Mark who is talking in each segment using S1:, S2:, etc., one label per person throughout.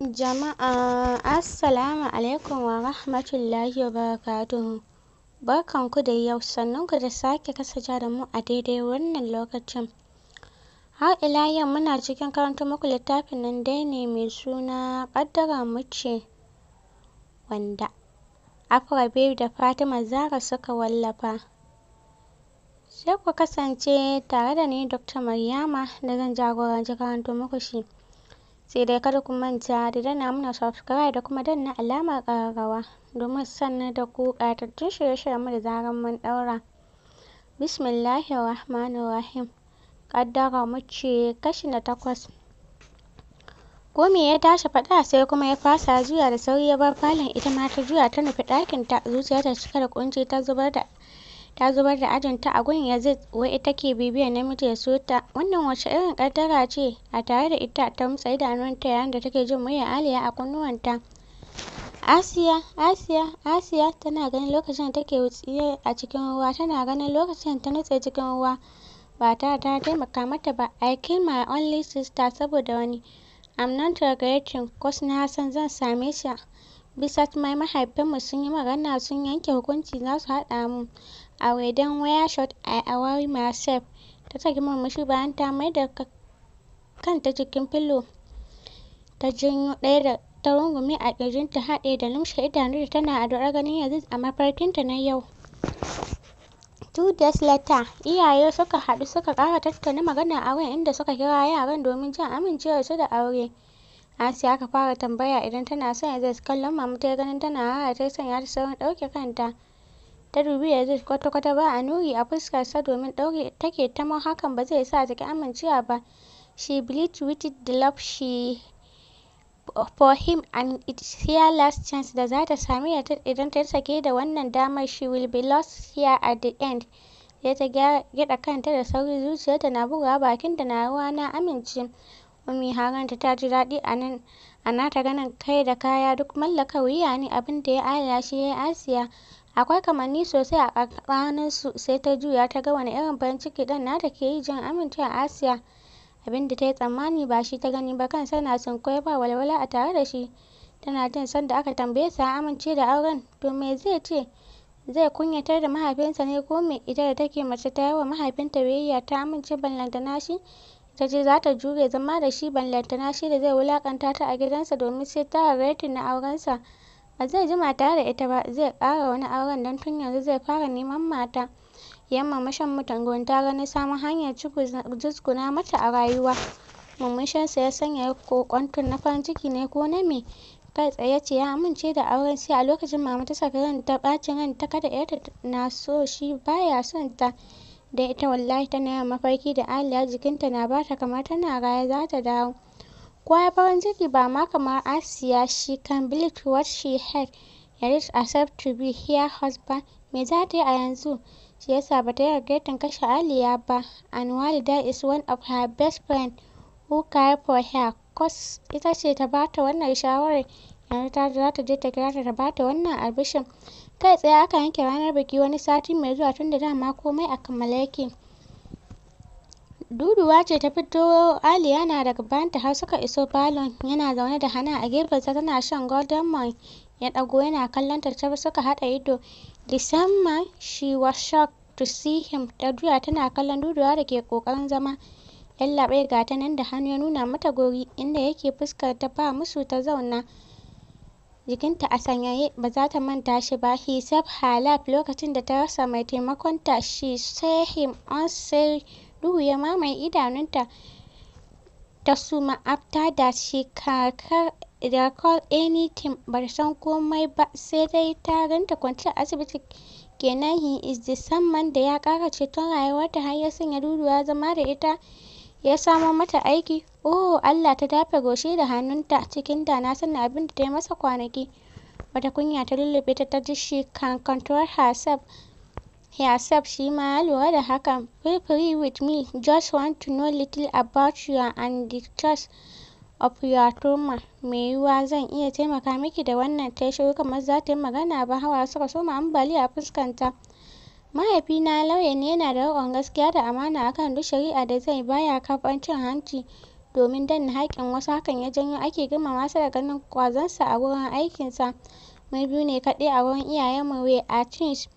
S1: Jama'a Assalamu alaikum wa rahmatullahi wa barakatuhu. Barkan ku da yau, sannun ku da sake kasancewa da mu a daidai wannan lokacin. Har ila yau muna cikin karanta muku littafin nan dai ne mai suna ƙaddara ce, wanda Afrabiyu da Fatima Zahra suka wallafa. Sai ku kasance tare da ni Dr. Maryama da zan jagoranci karanta muku shi. sai dai kada ku manta da danna muna subscribe da kuma danna alamar ƙararrawa domin sanar da ku ƙatattun shirye-shiryen mu da zaran mun ɗaura bismillahir rahmanir rahim ƙaddara mu ce kashi na takwas ko ya tashi faɗa sai kuma ya fasa juya da sauri ya bar falon ita ma ta juya ta nufi ɗakin ta zuciyarta cike da ƙunci ta zubar da ta zubar da ajinta a gun Yazid wai ita ke bibiyar namiji ya so wannan wace irin kaddara ce a tare da ita ta mutsa idanunta yayin da take jin muryar Aliya a kunnuwanta Asiya Asiya Asiya tana ganin lokacin da take wutsiye a cikin ruwa tana ganin lokacin da ta nutse cikin ruwa ba ta ta taimaka mata ba I kill my only sister saboda wani I'm not regretting cos na san zan same shi Bisa mai mahaifinmu sun yi magana sun yanke hukunci za su haɗa mu aure don waya shot I bury myself?" Ta saki murmushi bayan ta maida kanta jikin pillow ta janyo ɗaya ta rungume a ƙirjinta haɗe da lumshe da tana addu'ar ganin yanzu a mafarkinta na yau. Two days later, iyaye suka haɗu suka ƙara tattauna maganar auren inda suka kira yaran domin jin amincewarsu da aure. Asiya aka fara tambaya idan tana son Yazid kallon mama ta ganin tana hara ta sanya ta sauran ɗauke kanta ta dubi Yazid kwata-kwata ba a nuri a fuskarsa domin ɗauke take ma hakan ba zai sa ta ki amincewa ba she believed with the love she for him and it's her last chance da za ta sami Yazid idan ta sake da wannan damar she will be lost here at the end sai ta gyaɗa kanta da sauri zuciyarta na bugawa bakin ta na rawa na amince Ummi Haranta ta ji daɗi a nan a nata ganin kai da kaya duk mallaka wuya ne abin da ya adana shi ya yi Asiya. Akwai kamanni sosai a su sai ta juya ta ga wani irin farin ciki ɗan nata ke yi jin amincewa Asiya. Abin da ta yi tsammani ba shi ta gani ba kansa na sunkuyar ba walwala a tare da shi. Tana jin sanda aka tambaye sa ya amince da auren to me zai ce? Zai kunyatar da mahaifinsa ne ko me ita da take mace ta yi wa mahaifinta biyayya ta amince ballantana shi? ta ce za ta jure zama da shi ballantana shi da zai wulakanta ta a gidansa domin sai ta hararetin na aurensa ba zai jima tare da ita ba zai kara wani auren don tun yanzu zai fara neman mata yamma mashan mutangon ta gani samun hanyar jizguna mata a rayuwa sa ya sanya kokwanton na farin ciki ne ko na me kai tsaye ce ya amince da auren sai a lokacin mama ta saka ran ta ɓacin ran ta kada yarta na so shi baya son ta da ita wallahi tana yawan mafarki da aliya jikinta na bata kamar tana raye ta dawo kowa ya farin ciki ba ma kamar asiya she can believe what she had reached herself to be her husband me za ta yi a yanzu shi yasa ba ta yi ta kashe aliya ba and walida is one of her best friend who care for her cause ita ce ta bata wannan shawarar kakar ta za ta je ta kira ta ba ta wannan albishin kai tsaye aka yanke ranar biki wani sati mai zuwa tunda dama komai a kammale yake duduwa ce ta fito aliya na daga bayanta har suka iso falon yana zaune da hana a gefensa tana shan golden morn ya ɗago yana kallon ta ta suka haɗa ido december she was shocked to see him ta juya tana kallon duduwa da ke ƙoƙarin zama yallaɓai ga ta nan da hannu ya nuna mata gori inda yake fuskar ta ba musu ta zauna jikinta a sanyaye ba za ta manta shi ba hisab halaf lokacin da ta rasa mai taimakonta she sehim him duhu ya mamaye idanunta ta suma after that she can recall anything bata san komai ba sai dai ta ganta kwanciyar asibiti kenan he is the same man da ya ƙara ceton rayuwarta har ya sanya duduwa zama da ita ya samo mata aiki. Oh Allah ta dafe goshi da hannunta cikin dana na sanin abin da ta yi masa kwanaki. Wata kunya ta lullube ta ta ji she can control herself. shi ma lura da hakan. Feel free with me, just want to know little about you and the of your trauma. Mai yiwuwa zan iya taimaka miki da wannan? Ta yi shiru kamar za ta yi magana ba hawa suka soma ambaliya a fuskanta. Mahaifina lauya ne yana da riƙon gaskiya da amana a kan duk shari'a da zai yi ba ya karɓar cin hanci domin danne haƙƙin wasu, hakan ya janyo ake girmama sa da ganin ƙwazonsa a wurin aikinsa. Mu biyu ne kaɗai a wurin iyayenmu we are twins,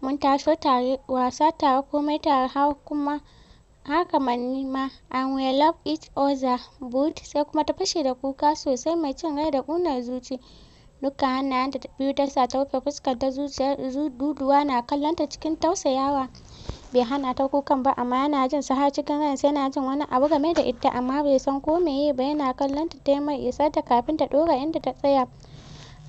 S1: mun taso tare, wasa tare, komai tare har kamanni ma and we love each other but sai kuma ta fashe da kuka sosai mai cin rai da ƙunar zuci. dukkan hannayen hannayenta biyu ta sa ta rufe fuskarta zuciyar duduwa na kallonta cikin tausayawa. Bai hana ta kukan ba amma yana jin su har cikin ransa yana jin wani abu game da ita amma bai san ko meye ba yana kallon ta yi mai ta kafin ta ɗora inda ta tsaya.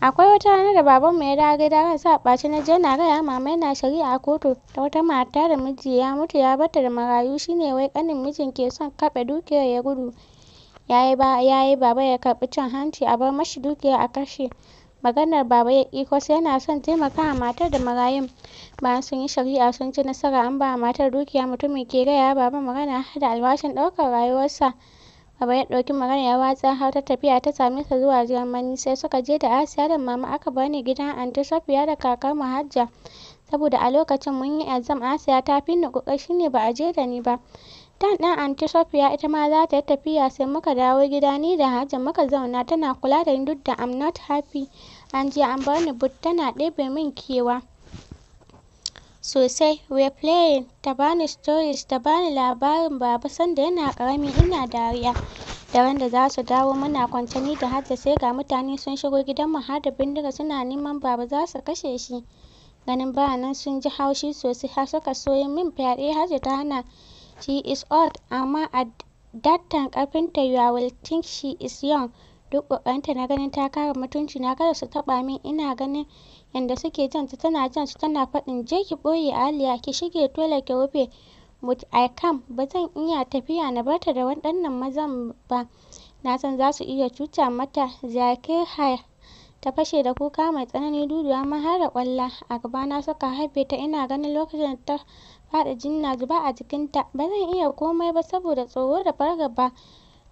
S1: Akwai wata rana da mu ya dawo gida ransa a ɓace na je yana gaya mama yana shari'a a kotu da wata mata da miji ya mutu ya barta da marayu shine wai kanin mijin ke son kaɓe dukiyar ya gudu. Yayi baba ya karbi cin hanci a bar mashi dukiyar a kashe. Maganar Baba sai yana son taimakawa matar da marayun. Bayan sun yi shari'a sun ci nasara an ba matar dukiya mutumin ke gaya wa Baba magana har da albashin ɗaukar rayuwarsa. Baba ya ɗauki magana ya watsa har ta tafiya ta same sa zuwa Germany sai suka je da Asiya da Mama aka bani ni gidan Aunty Safiya da kakar Hajja. Saboda a lokacin mun yi exam Asiya ta fi ni shi ne ba a je da ni ba. Tan ɗin Aunty ita ma za ta yi tafiya sai muka dawo gida ni da Hajara muka zauna tana kula da ni duk da I'm not happy an jiya an bar ni but tana ɗebe min kewa sosai. We playing, ta bani stories, ta bani labarin baba sanda yana ƙarami ina dariya. Daren da za su dawo muna kwance ni da hajji sai ga mutane sun shigo gidanmu har da bindiga suna neman baba za su kashe shi. Ganin ba nan sun ji haushi sosai har suka so min fyaɗe hajji ta hana She is old amma a that time ta you will think she is young. Duk ƙoƙarinta na ganin ta kare mutunci na kada su taba min, ina ganin yanda suke jan ta, tana jan su tana faɗin je ki boye Aliya, ki shige tola ki rufe. But I can't, ba zan iya tafiya na barta da waɗannan mazan ba, na san za su iya cuta mata, they ta fashe da kuka mai tsanani duduwa ma har da kwalla a gabana suka haife ta ina ganin lokacin da ta fada jini na zuba a jikinta ba zan iya komai ba saboda tsoro da fargaba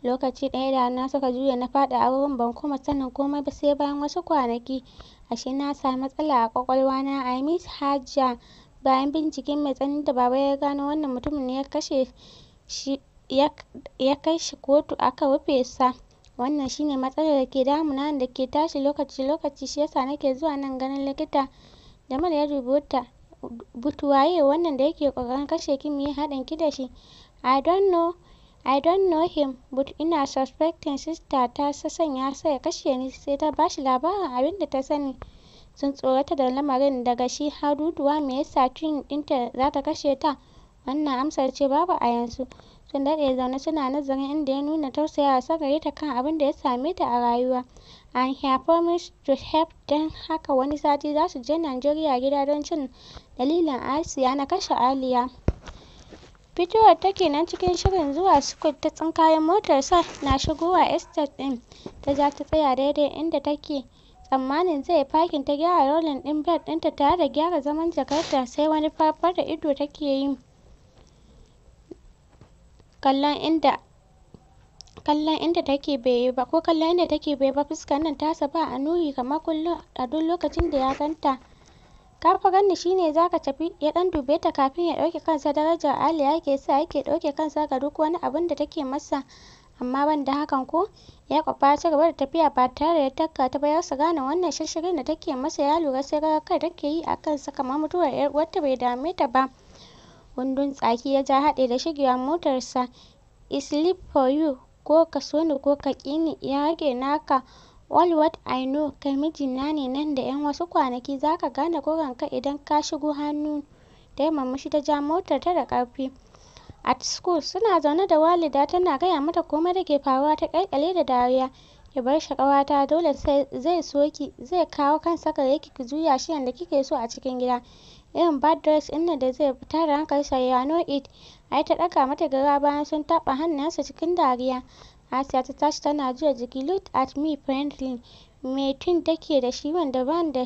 S1: lokaci ɗaya na suka juya na fadi a wurin ban kuma sanin komai ba sai bayan wasu kwanaki ashe na samu matsala a kwakwalwa na I miss Hajiya bayan bincike mai tsanani da baba ya gano wannan mutumin ne ya kashe shi ya kai shi kotu aka rufe sa wannan shine matsalar da ke damuna da ke tashi lokaci-lokaci shi nake zuwa nan ganin likita mara ya dubi Wata Butu waye wannan da yake ƙoƙarin kashe ki mu yi haɗin ki da shi I don't know I don't know him but ina suspecting sister ta sanya sa ya kashe ni sai ta bashi labarin abin da ta sani sun tsorata da lamarin daga shi haduduwa duduwa me yasa twin ɗinta za ta kashe ta wannan amsar ce babu a yanzu sun daɗe zaune suna nazarin inda ya nuna tausayawa sa gare ta kan abin da ya same ta a rayuwa and her promised to help don haka wani sati za su je Najeriya gida don cin dalilin Asiya na kashe Aliya. Fitowar ta kenan cikin shirin zuwa sukut ta motar sa na shigowa estate ɗin ta za ta tsaya daidai inda take tsammanin zai fakin ta gyara rolling ɗin bed ɗinta tare da gyara zaman jakarta sai wani farfar da ido take yi. kallon inda kallon inda take bai ba ko kallon inda take ba fuskar nan tasa ba a nuri kamar kullum a duk lokacin da ya ganta ka fa ganni shine zaka tafi ya dan dube ta kafin ya dauke kansa darajar Aliya yake sa yake dauke kansa ga duk wani abin da take masa amma ban da hakan ko ya kwafa ta gaba da tafiya ba tare da takka ta ba ya su gane wannan shirshirin da take masa ya lura sai rawar kai take yi a kansa kamar mutuwar yar uwarta bai dame ta ba Wandon tsaki ya ja haɗe da shigewa motarsa. Is live for you ko ka so ni ko ka ƙi ni ya rage naka. All what I know kai mijina ne nan da 'yan wasu kwanaki za ka gane kuranka idan ka shigo hannu. da yamma murmushi ta ja motar ta da ƙarfi. At school suna zaune da Walida tana gaya mata komai da ke faruwa ta ƙyalƙyale da dariya. Ki bar shi ƙawata dole sai zai so zai kawo kansa gare ki ki juya shi yanda kike so a cikin gida. irin bad dress ɗin nan da zai tara da hankalinsa ya know it ai ta ɗaga mata gaba bayan sun taɓa hannayensa cikin dariya Asiya ta tashi tana juya jiki look at me friendly me tun take da shi wanda ni da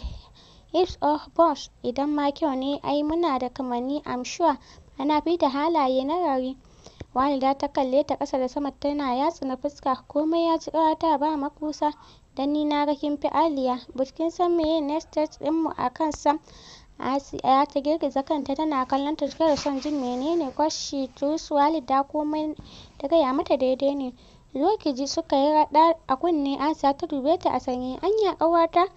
S1: hips or bumps idan ma kyau ne ai muna da kamanni I'm sure ana fi da halaye na gari Walida ta kalle ta ƙasa da sama tana yatsuna fuska komai ya ci ƙawata ba makusa dan ni na ga kin fi Aliya but kin san meye next ɗinmu a kan sam. Asiya ta girgiza kanta tana kallon ta cike da son jin menene kwashi Truth Walida komai ta gaya mata daidai ne. Zo kiji ji suka yi raɗa a kunne Asiya ta dube ta a sanye. Anya kawata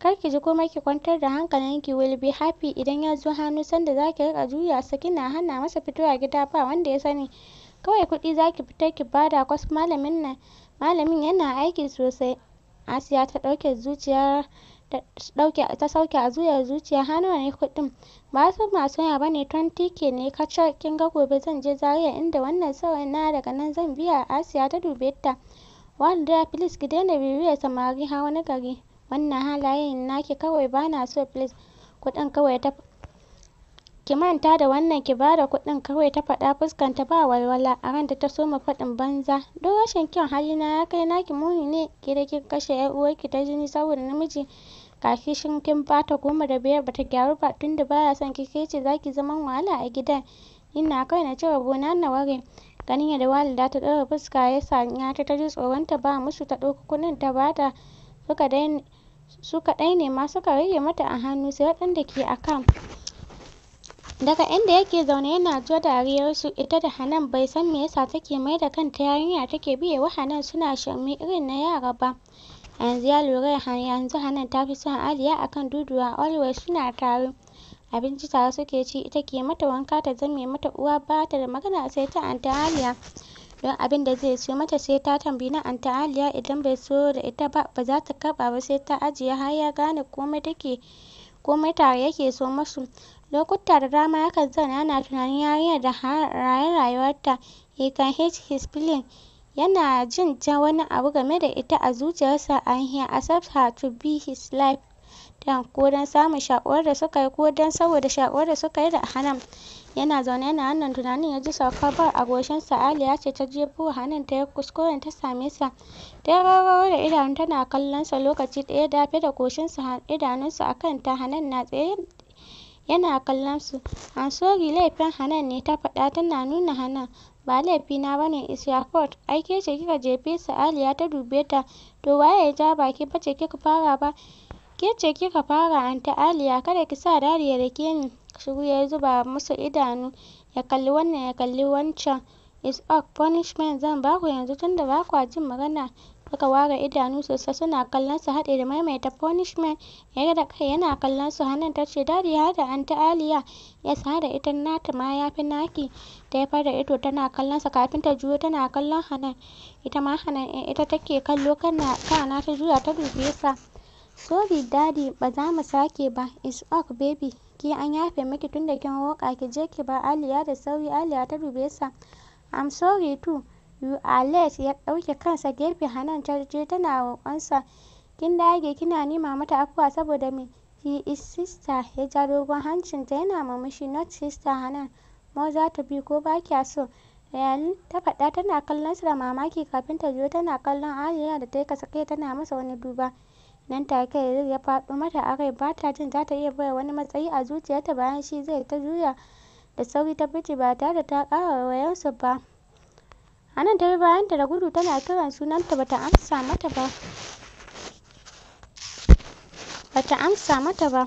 S1: kar ki ji komai ki kwantar da hankalinki will be happy idan ya zo hannu sanda za ki juya sa kina hana masa fitowa gida ba wanda ya sani. Kawai kuɗi za ki fitar ki bada kwas malamin nan malamin yana aiki sosai. Asiya ta ɗauke zuciyar ta sauke a zuyar zuciya hannu nawa ne kuɗin ba san masu yawa bane 20 ke ne kacal kin ga gobe zan je Zaria inda wannan sauyin na daga nan zan biya Asiya ta dube ta Walida please ki daina bibiyar samari har wani gari wannan halayen naki kawai bana so please kuɗin kawai ta Ki manta da wannan ki bada kuɗin kawai ta faɗa fuskanta ba walwala a ranta ta soma faɗin banza. Duk rashin kyan halina ya kai naki muni ne ki da kika kashe 'yar uwarki ta jini saboda namiji shin kin bata goma da biyar bata gyaru ba tunda baya son ki kai ce zaki zaman wahala a gidan. Ina kawai na cire gona na ware. Ganin yadda Walida ta ɗaura fuska ya sanya ta ta ji tsoron ta ba musu ta ɗauko kuɗin ta bata suka dai su kaɗai ne ma suka rage mata a hannu sai waɗanda ke akan. daga inda yake zaune yana jo dariyarsu ita da Hanan bai san me yasa take mai da kanta yarinya take biye wa Hanan suna shirme irin na yara ba yanzu ya lura yanzu Hanan ta fi son Aliya akan Duduwa always suna tare abinci tare suke ci ita ke mata wanka ta zame mata uwa bata da magana sai ta Anty Aliya don abin da zai siyo mata sai ta tambayi na Anty Aliya idan bai so da ita ba ba za ta kaba ba sai ta ajiye har ya gane komai take komai tare yake so musu Lokuta da dama yakan zauna yana tunanin yarinyar da halayen rayuwarta. He can hate his feeling Yana jin wani abu game da ita a zuciyarsa and he accept her to be his life dan ko don samun shakuwar da suka yi ko don saboda shakuwar da suka yi da hanan Yana zaune yana wannan tunanin ya ji saukar ball a goshinsa. Aliya ce ta jefo wa Hanan ta ya kuskuren ta same sa. Ta yi da idanu tana kallonsa lokaci ɗaya dafe da goshinsa idanunsa a kanta. Hanan na tsaye yana kallon su. I'm sorry laifin Hanan ne ta faɗa tana nuna Hanan. Ba laifina ba ne it's your fault. Ai ke ce kika jefe su Aliya ta dube ta. To waye ya ja baki ba kika fara ba. Ke ce kika fara Anty Aliya kada ki sa Dadi ya dake ni. Shiru ya zuba musu idanu ya kalli wannan ya kalli wancan. It's ok punishment zan baku ku yanzu tunda ba kwa jin magana. suka ware idanu sosai suna kallon su haɗe da maimaita punishment ya da kai yana kallon su hannun ta ce dadi har da anti aliya ya sa da ita nata ma ya fi naki ta ya fara ido tana kallon sa kafin ta juyo tana kallon hannun ita ma hanan eh, ita take kallo kana kana ta juya ta dube sa sorry dadi ba za mu sake ba it's ok baby ki an yafe miki tun da kin roƙa ki je ki ba aliya da sauri aliya ta dube sa i'm sorry too biyu ya ɗauke kansa gefe Hanan ta je tana roƙonsa, "kin dage kina nema mata afuwa saboda me, she is sister" ya ja dogon hancinta yana murmushi, "not sister Hanan, za ta bi ko ba kya so?" Really? ta faɗa tana kallonsa da mamaki kafin ta zo tana kallon Aliya da ta yi kasake tana masa wani duba. Nan take Yazid ya faɗo mata a rai bata ta jin za ta iya bai wani matsayi a zuciyarta bayan shi zai ta juya da sauri ta fice ba tare da ta ƙara waiwayarsa ba. a nan ta bi bayanta da gudu tana kiran sunanta bata amsa mata ba bata amsa mata ba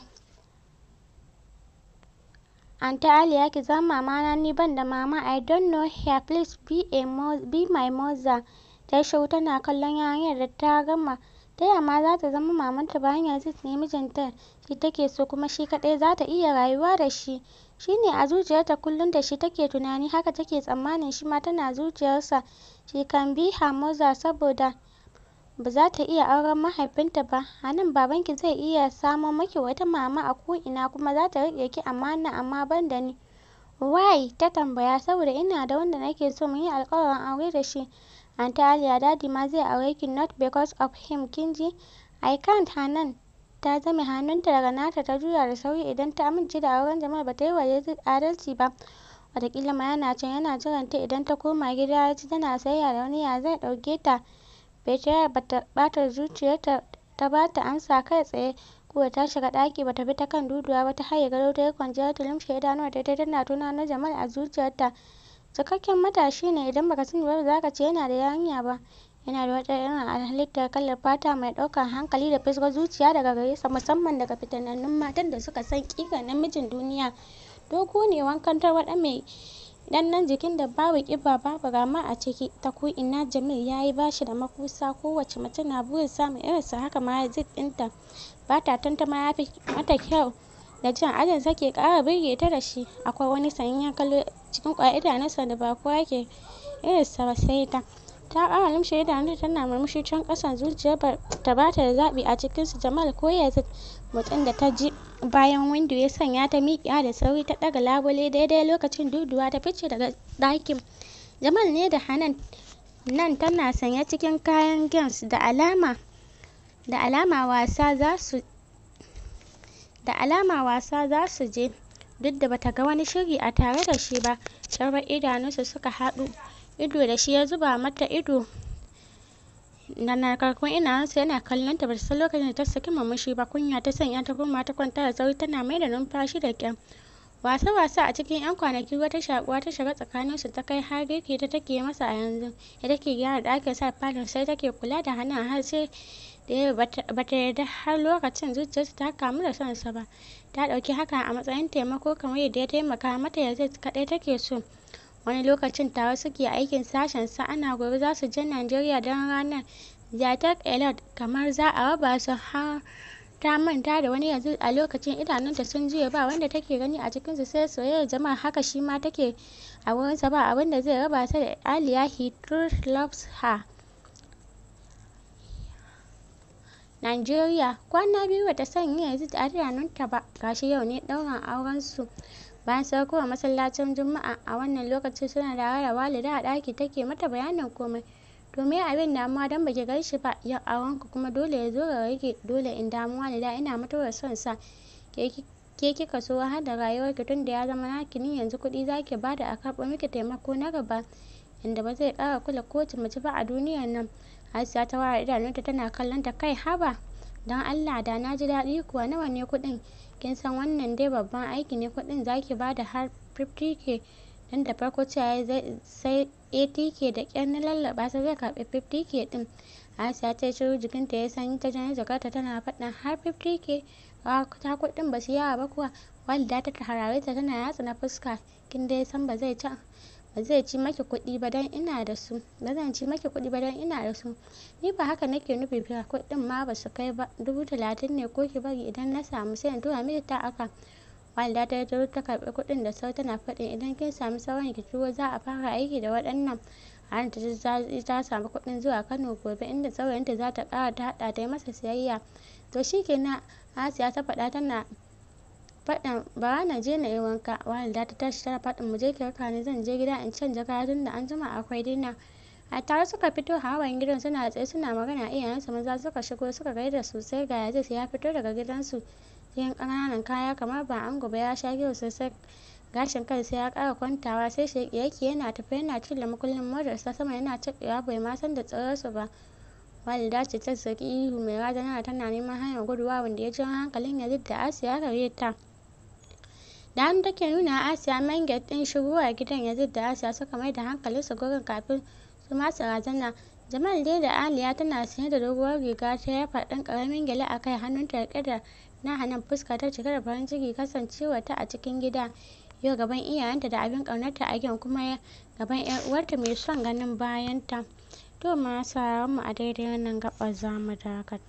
S1: Aunty Aliya ki zan mama na ni ban da mama I don't know her please be a be my mother ta shiru tana kallon yarinyar da ta gama ta yama za ta zama mamanta bayan yanzu ne mijinta shi take so kuma shi kaɗai za ta iya rayuwa da shi Shi ne a zuciyarta kullum da shi take tunani haka take tsammanin shi ma tana zuciyarsa. She can be her mother saboda ba za ta iya auren mahaifinta ba. A nan babanki zai iya samo maki wata mama a ko ina kuma za ta riƙe ki amana amma ban da ni. Why? ta tambaya. Saboda ina da wanda nake so mun yi alƙawarin aure da shi. Anty Daddy ma zai aure ki not because of him kin ji? I can't Hanan. ta zame hannunta daga nata ta juya da sauri idan ta amince da auren Jamal ba ta yi wa adalci ba wataƙila ma yana can yana jiranta idan ta koma gida ya ji tana sayayya da wani ya zai ɗauke ta Betiyar ba ta ɓata zuciyarta ta ba ta amsa kai tsaye kuwa ta shiga ɗaki ba ta bi ta kan duduwa ba ta haye gado ta yi kwanciyar ta limshe ta tana tuna na Jamal a zuciyarta cikakken matashi ne idan baka sani ba zaka ce yana da yarinya ba Yana da wata irin halitta kalar fata mai ɗaukar hankali da fisgar zuciya daga gare sa musamman daga fitanannun matan da suka san ƙirar namijin duniya. Dogo ne wankan tarwaɗa mai ɗannan jikin da babu ƙiba babu rama a ciki ta ko'ina Jamil ya yi bashi da makusa kowace mace na burin samun irin sa haka ma zai ɗinta ba ta tantama ya fi mata kyau da jan ajinsa ke ƙara birge ta da shi akwai wani sanyayyen kalo cikin ƙwayar idanunsa da ba kowa ke irinsa ba sai ta. ta ƙara da idanunta tana murmushi can ƙasan zuciyar ta bata da zaɓi a cikinsu Jamal ko Yazid da ta ji bayan windo ya sanya ta miƙiya da sauri ta ɗaga labule daidai lokacin duduwa ta fice daga ɗakin Jamal ne da Hanan nan tana sanya cikin kayan games da alama da alama wasa za su da alama wasa za su je duk da bata ga wani shiri a tare da shi ba shar idanunsa suka haɗu ido da shi ya zuba mata ido na ina idanunsa yana kallon ta ba san lokacin da ta saki mamushi ba kunya ta sanya ta koma ta kwanta da sauri tana mai da numfashi da kyan wasa wasa a cikin yan kwanaki wata shakuwa ta shiga tsakanin su ta kai har girki ta take masa a yanzu ya take gyara da ake sa falon sai take kula da hana har sai da ya bata yarda har lokacin zuciyarsa ta kamu da son sa ba ta ɗauki haka a matsayin taimako kamar yadda ya taimaka mata yanzu kaɗai take so wani lokacin tare suke aikin sashen su ana gobe za su je Najeriya don ranar Zaitun Elot kamar za a raba su har ta manta da wani yanzu a lokacin idanunta sun juya ba wanda take gani a cikinsu sai soyayya jama'a haka shi ma take a wurinsa ba abin da zai raba sa da Aliya he truth loves her. Nigeria kwana biyu bata sanya yanzu a idanunta ba gashi yau ne auren su. bayan saukowa masallacin juma'a a wannan lokaci suna da da walida a ɗaki take mata bayanin komai to me abin damuwa don baki gan shi ba yau a wanka kuma dole ya zo ga yake dole in damuwa da ina matukar son sa ke kika so har da rayuwar ki tunda ya zama naki ni yanzu kuɗi zaki bada a karɓo miki taimako na gaba inda ba zai ƙara kula kowace mace ba a duniyar nan aisha ta ware idanunta tana kallon ta kai haba Don Allah da na ji daɗi kuwa nawa ne kuɗin? Kin san wannan dai babban aiki ne kuɗin za ki ba da har 50k don da farko cewa sai 80k da ƙyar na lallaɓa sai zai karɓi 50k ɗin. Asiya ta shiru jikinta ya sanyi ta janyo jakarta tana faɗin har 50k ta kuɗin ba su yawa ba kuwa. walda ta harare ta tana yatsa na fuska kin dai san ba zai ci. ba zai ci maki kuɗi ba dan ina da su ba zan ci maki kuɗi ba dan ina da su ni ba haka nake nufi ba kuɗin ma ba su kai ba dubu talatin ne ko ki bari idan na samu sai in tura miki ta aka walda ta zo ta karɓi kuɗin da sau tana faɗin idan kin samu sauran ki turo za a fara aiki da waɗannan an ta samu kuɗin zuwa kano gobe inda saurayinta za ta ƙara ta haɗa ta yi masa siyayya to shikenan asiya ta faɗa tana faɗin ba na je na yi wanka walida ta tashi tara faɗin mu je ki raka ni zan je gida in canja kaya tun da an jima akwai dina a tare suka fito hawan gidan suna tsaye suna magana nasu maza suka shigo suka gaida sosai ga yazid ya fito daga gidansu cikin ƙananan kaya kamar ba an gobe ya sha giya sosai gashin sai ya ƙara kwantawa sai sheki yake yana tafe yana cilla makullin motarsa sama yana cakewa bai ma san da tsirarsu ba walida ce ta saki ihu mai razana tana neman hanyar guduwa wanda ya jawo hankalin yazid da asiya gare ta da hannu take nuna asiya manga din din a gidan yazid da asiya suka mai da su gurin kafin su masa razana jamal dai da aliya tana sanye da doguwar riga ta yafa ɗan karamin gyale a kai hannunta riƙe da na hanan fuska ta cika da farin ciki kasancewa ta a cikin gida yau gaban iyayenta da abin ƙaunarta a gidan kuma gaban yar uwarta mai son ganin bayanta to ma mu a daidai wannan gaɓar zamu dakata